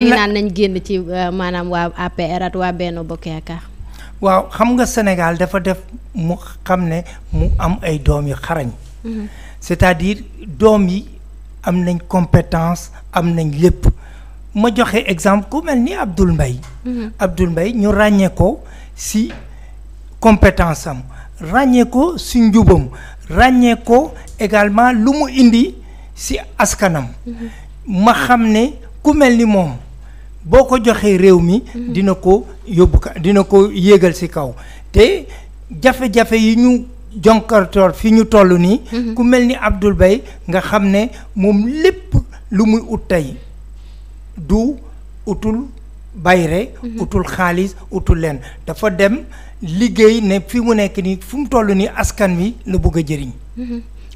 ñu naan nañ génn ci euh, maanaam waa APR at waa Benno Bokk Yaakaar waaw xam nga Sénégal dafa def mu xam ne mu am ay doom yu xarañ mhm. c'est-à-dire doom yi am nañ compétence am nañ lépp ma joxe exemple ku mel ni Abdoul mbay mhm. Abdoul Mbaye ñu ràññee ko si compétence am ràññee ko si njubam ràññee ko également lu mu indi si askanam mhm. ma xam ne ku mel ni moom boo ko joxee réew mi mhm. dina ko yóbbu ka dina ko yéegal ci kaw te jafe-jafe yi ñu jonkartoor fi ñu toll nii mhm. ku mel ni Abdoul Mbaye nga xam ne moom lépp lu muy ut tey du utul bayre mhm. utul xaalis utul leen dafa dem liggéey ne fi mu nekk nii fu mu toll nii askan wi la bëgg a jëriñ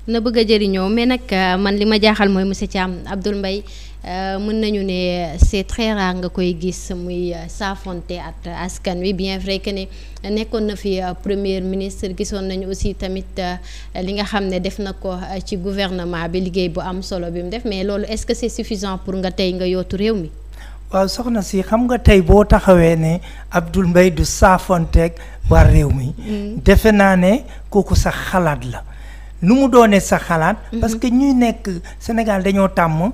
na bëgg a jëriñoo mais nag euh, man li ma jaaxal mooy monsieur Thiam Abdoul Mbaye euh, mën nañu ne c'est très rare nga koy gis muy euh, saafonte at askan wi bien vrai que ne nekkoon na fi premier ministre gisoon nañu aussi tamit li nga xam ne def na ko ci gouvernement bi liggéey bu am solo bi mu def mais loolu est-ce que c'est suffisant pour nga tey nga yootu réew mi. waaw soxna si xam nga tey boo taxawee ne Abdoul mbay du saafonteeg waa réew mi. Mm. defe naa ne kooku sax xalaat la. nu mu doonee sa xalaat. Mm-hmm. parce que ñuy nekk Sénégal dañoo tàmm.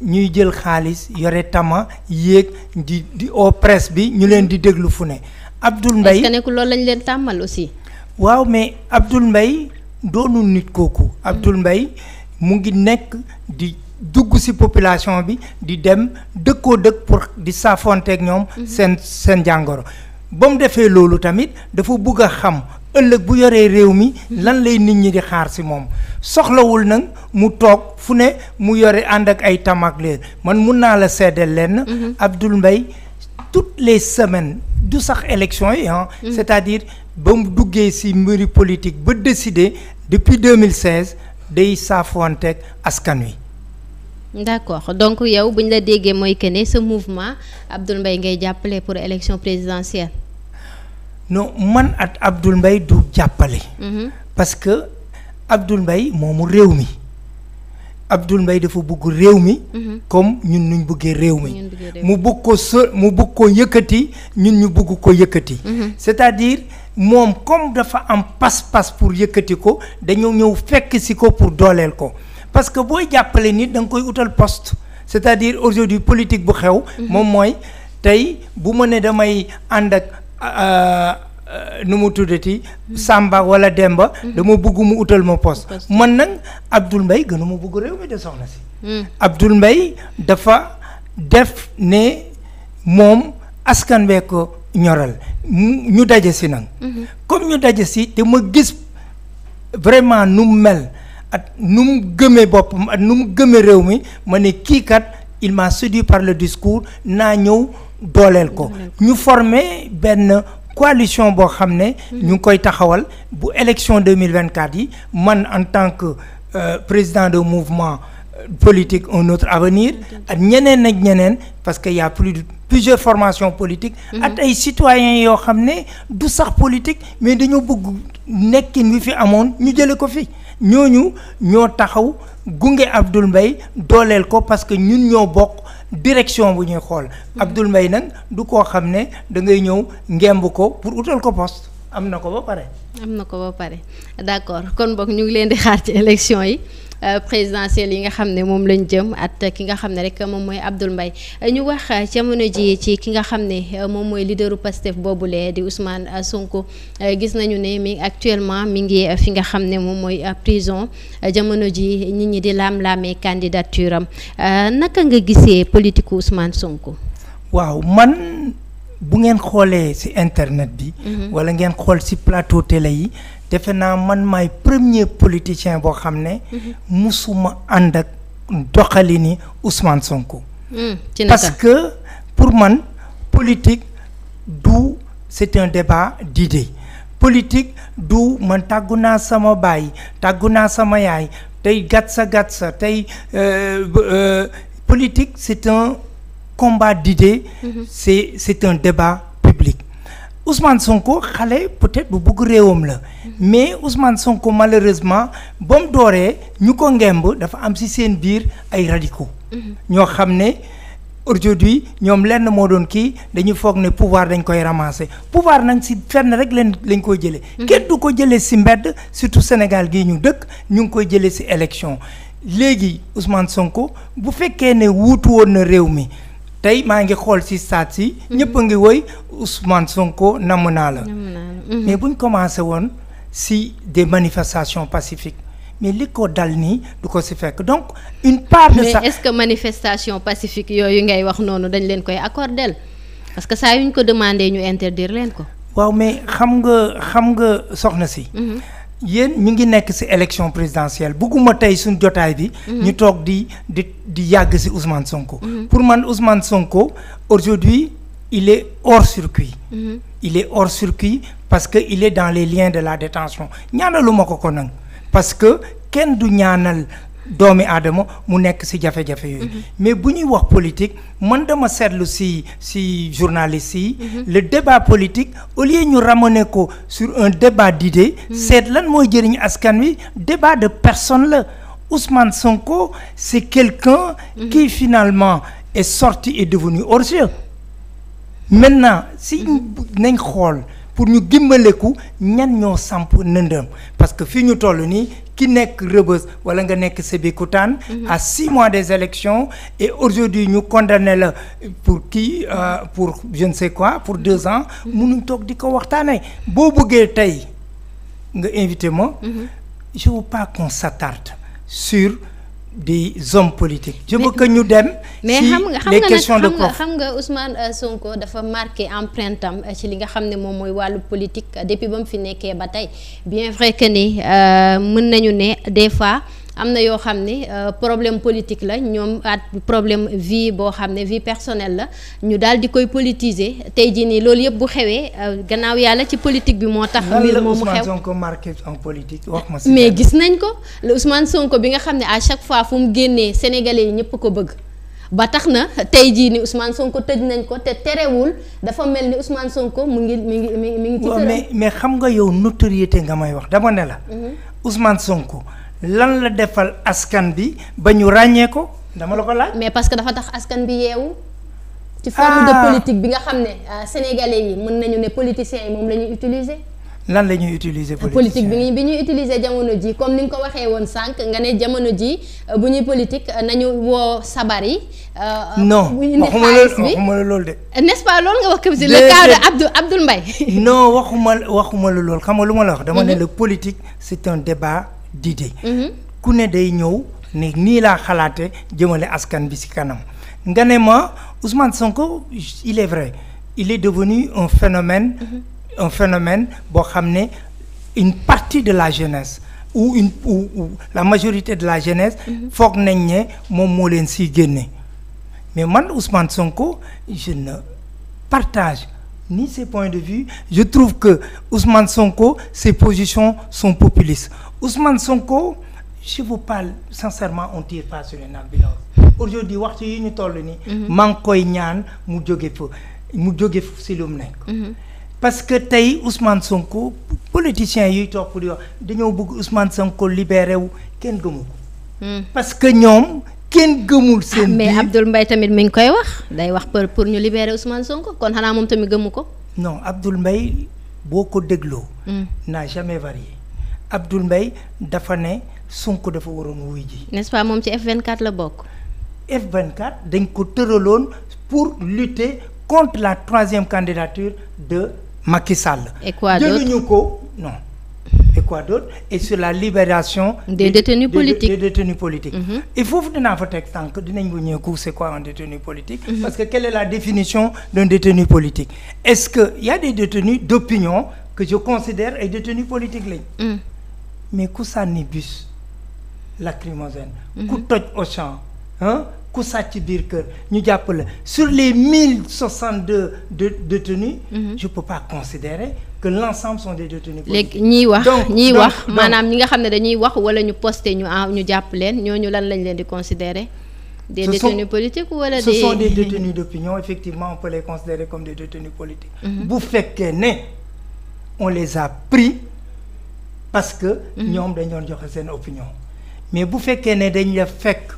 ñuy jël xaalis yore tama yéeg di di au presse bi ñu leen di déglu fu ne. Abdoul Mbaye est-ce que lañ leen tàmmal aussi. waaw mais Abdoul Mbaye doonul nit kooku. Mm-hmm. Abdoul mbay mu ngi nekk di dugg ci population bi di dem dëkkoo dëkk pour di saafonteeg ñoom. Mm-hmm. seen seen jàngoro. ba mu defee loolu tamit dafa bugg a xam ëllëg bu yoree réew mi lan lay nit ñi di xaar si moom soxlawul nag mu toog fu ne mu yore ànd ak ay tamak leer man mun naa la seddeel lenn. Mhm. Abdoul mbay toutes les semaines du sax élection yi ah. c'est-à-dire ba mu duggee si mbiri politique ba décider depuis 2016 day saafoonteeg askan wi. d'accord donc yow bu ñu la déggee mooy que ne sa mouvement Abdoul mbay ngay jàppale pour élection présidentielle. non man at Abdoul mbay du jàppale. Mm-hmm. parce que Abdoul Mbaye moomu réew mi Abdoul mbay dafa bëgg réew mi. Mm-hmm. comme ñun nuñ buggee réew mi. mu bugg ko so mu bugg ko yëkkati ñun ñu bugg ko yëkkati. Mm-hmm. c'est-à-dire moom comme dafa am pas-pas pour yëkkati ko dañoo ñëw fekk si ko pour dooleel ko parce que booy jàppale nit da nga koy utal poste c'est-à-dire aujourd'hui politique bu xew. moom mooy tey bu ma ne damay ànd ak. nu mu tuddati sàmba wala Demba. Mm-hmm. dama bëgg mu utal ma poste man nag Abdoul Mbaye gënu ma bëgg réew mi de soxna si. Mm. Abdoul Mbaye dafa def ne moom askan bee ñoral ñu daje si nag. Mm-hmm. comme ñu daje si te ma gis vraiment nu mu mel ak nu mu gëmee boppam ak nu mu gëmee réew mi ma ne kii kat il m'a séduit par le discours naa ñëw. dooleel ko ñu former benn coalition boo xam ne ñu ngi koy taxawal bu élection 2024 yi man en tant que euh, président de mouvement euh, politique un autre avenir ak ñeneen ak ñeneen parce que y a plus de plusieurs formation politiques mm-hmm. ak ay citoyens yoo xam ne du sax politique mais dañoo bëgg nekkin wi fi amoon ñu jële ko fi ñooñu ñoo taxaw gunge Abdoul mbay dooleel ko parce que ñun ñoo bokk direction bu ñuy xool mm-hmm. Abdoul mbay nag du koo xam ne da ngay ñëw ngemb ko pour utal ko poste am na ko ba pare am na ko ba pare d'accord kon boog ñu ngi leen di xaar ci élection yi Euh, présidentielle yi nga xam ne moom lañ jëm at ki nga xam ne rek moom mooy Abdoul Mbaye euh, ñu wax euh, jamono ji ci ki nga xam ne moom mooy leaderu Pastef boobule di Ousmane Sonko gis nañu ne mi actuellement mi ngi fi nga xam ne moom mooy prison jamono ji nit ñi di laam-laamee candidature am naka nga gisee politiku Ousmane Sonko. waaw man bu ngeen xoolee ci internet bi. Mhm. wala ngeen xool ci plateau télé yi. defe naa man maay premier politicien boo xam ne. Mhm. musuma ànd ak doxali ni Ousmane Sonko. Hmm, ci parce que pour man politique du c'est un débat d'idées politique du man tàggu naa sama baay tàggu naa sama yaay tey sa gatsa gatsa tey euh, euh, politique c'est un combat d'idées. Mhm. c'est c'est un débat. Ousmane Sonko xale peut-être bu bëgg réewam la mais Ousmane Sonko malheureusement ba mu dooree ñu ko ngemb dafa am si seen biir ay radiko ñoo xam ne aujourd'hui ñoom lenn moo doon kii dañuy foog ne pouvoir dañ koy ramasser pouvoir nag si fenn rek leen lañ koy jëlee. Mhm. kenn du ko jëlee si mbedd surtout Sénégal gii ñu dëkk ñu ngi koy jëlee si élection léegi Ousmane Sonko bu fekkee ne wuutu woon na réew mi. tey maa ngi xool si saat si. Mhm. ñëpp a ngi woy Ousmane Sonko namm naa la. mais mhm. buñ commencé woon si des manifestations pacifiques. mais li ko dal nii du ko si fekk donc une part de ça mais est-ce que manifestation pacifique yooyu ngay wax noonu dañ leen koy accordel parce que saa yuñ ko demandé ñu interdire leen ko. waaw mais xam nga xam nga soxna si. Mhm. yéen ñu ngi nekk ci élection présidentielle bëgguma tey suñ jotaay bi. Mhm. ñu toog di di di yàgg ci Ousmane Sonko. Mhm. pour man Ousmane Sonko aujourd'hui il est hors circuit. Mhm. il est hors circuit parce que il est dans les liens de la détention ñaanaluma ko ko nag parce que kenn du ñaanal. doomi aadama mu nekk si jafe-jafe yooyu mhm. mais bu ñuy wax politique man dama seetlu si si journaliste yi mhm. le débat politique au lieu ñu ramener ko sur un débat d'idées mhm. seet lan mooy jëriñu askan wi débat de personne la Ousmane Sonko c'est quelqu'un qui finalement est sorti et devenu hors-jeu maintenant si nañ xool pour ñu gimbaleku ñan ñoo samp nëndëm parce que fii ñu toll nii ki nekk Rebeuss wala nga nekk Sébikotane mhm. à six mois des élections et aujourd'hui ñu condamné la pour kii euh, pour je ne sais quoi pour deux mhm. ans mënuñ toog di ko waxtaanee boo bëggee tey nga invité ma mhm. je veux pas qu'on sur di hommes politiques. je veux que ñu dem. ci les questions de xam nga xam nga Ousmane euh, Sonko dafa marqué empreinte am euh, ci li nga xam ne moom mooy wàllu politique depuis ba mu fi nekkee ba tey bien vrai que ni euh, mën nañu ne des fois. am na yoo xam ne euh, problème politique la ñoom at problème vie boo xam ne vie personnelle la ñu daal di koy politiser tey jii nii loolu yëpp bu xewee euh, gannaaw yàlla ci politique bi moo tax. mbir moomu xew Sonko marqué en politique wax ma mais gis nañ ko Ousmane Sonko bi nga xam ne à chaque fois fu mu génnee sénégalais yi ñëpp ko bëgg. ba tax na tey jii ni Ousmane Sonko tëj nañ ko te terewul dafa mel ni Ousmane Sonko mu ngi mi ngi mi ngi. ci mais mais xam nga yow notoriété nga may wax dama ne mhm. Sonko. lan la defal askan bi ba ñu ràññee ko dama la ko laaj. mais parce que dafa tax askan bi yeewu. ci forme de ah. politique bi nga xam ne euh, sénégalais yi mën nañu ne politiciens yi moom la ñuy utiliser. lan la ñuy utiliser politique bi bi ñuy utiliser jamono ji comme ni nga ko waxee woon sànq nga ne jamono ji euh, bu ñuy politique euh, nañu woo sabar yi. non waxuma loolu waxuma loolu de. n'est-ce pas loolu nga wax comme si le cas de Abdou non waxuma lu la loolu xam nga lu ma la wax. dama ne mm-hmm. le politique c'est un débat. d'idées mhm. ku ne day ñëw ne nii laa xalaate jëmale askan bi ci kanam nga ne ma Ousmane Sonko il est vrai il est devenu un phénomène mhm. un phénomène boo xam ne une partie de la jeunesse ou une ou, ou la majorité de la jeunesse mhm. foog nañ ne moom moo leen siy génne mais man Ousmane Sonko je ne partage ni ses point de vue je trouve que Ousmane Sonko ses positions sont populistes Ousmane Sonko je vous parle sincèrement on tire pas sur une ambulance aujourd'hui waxtu yi ñu toll nii mhm. maa ngi koy ñaan mu jóge fa mu jóge fu si lu mu nekk mhm. parce que tey Ousmane Sonko politiciens yuy topp di wax dañoo bëgg Ousmane Sonko libéré wu kenn gëmu ko mhm. parce que ñoom kenn gëmul ah, seen biir mais Abdoul Mbaye tamit mi ngi koy wax day wax pour pour ñu libérer Ousmane Sonko kon xanaa tamit gëmu ko non Abdoul mbay boo ko dégloo n'a jamais varié Abdoul Mbaye dafa ne Sonko dafa waroon wuy ji. n'est-ce pas moom ci F24 la bokk. F24 dañ ko tëraloon pour lutter contre la troisième candidature de Macky Sall. et quoi d'autre jëluñu ko non. et quoi et sur la libération. des détenus politiques mm-hmm. et foofu dinaa fa teg tànk dinañ bu ñëw c'est quoi un détenu politique. Mm-hmm. parce que quelle est la définition d'un détenu politique. est-ce que y a des détenus d'opinion que je considère ay détenus politiques lañ. Mm. mais ku sànni bus lacrymogène mm-hmm. ku toj au champ ah ku sàcc biir kër ñu jàpp la sur les mille soixante deux de détenus mm-hmm. je peux pas considérer que l'ensemble sont des détenus léegi ñiy wax ñiy wax maanaam ñi nga xam ne dañuy wax wala ñu posté ñu ñu jàpp leen ñoo ñu lan lañ leen di considérer des détenus politiques wala des ce sont des détenus d'opinion effectivement on peut les considérer comme des détenus politiques bu mm-hmm. fekkee ne on les a pris parce que mhm. ñoom dañ doon joxe seen opinion mais bu fekkee ne dañ la fekk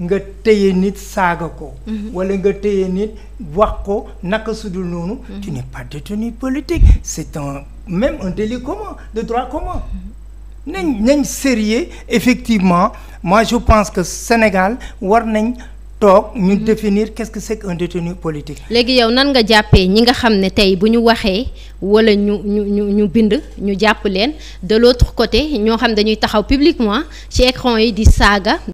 nga téye nit saaga ko mhm. wala nga téye nit wax ko naka sudul noonu mhm. tu n'es pas détenu politique c'est un même un délit commun de droit commun nañ nañ sérieux effectivement moi je pense que Sénégal war nañ toog ñu mhm. définir qu'est-ce que c'est qu'un détenu politique. léegi yow nan nga jàppee ñi nga xam ne tey bu ñu waxee walla ñu ñu ñu ñu bind ñu jàpp leen de l'autre côté ñoo xam dañuy taxaw publiquement ci écran yi di saaga.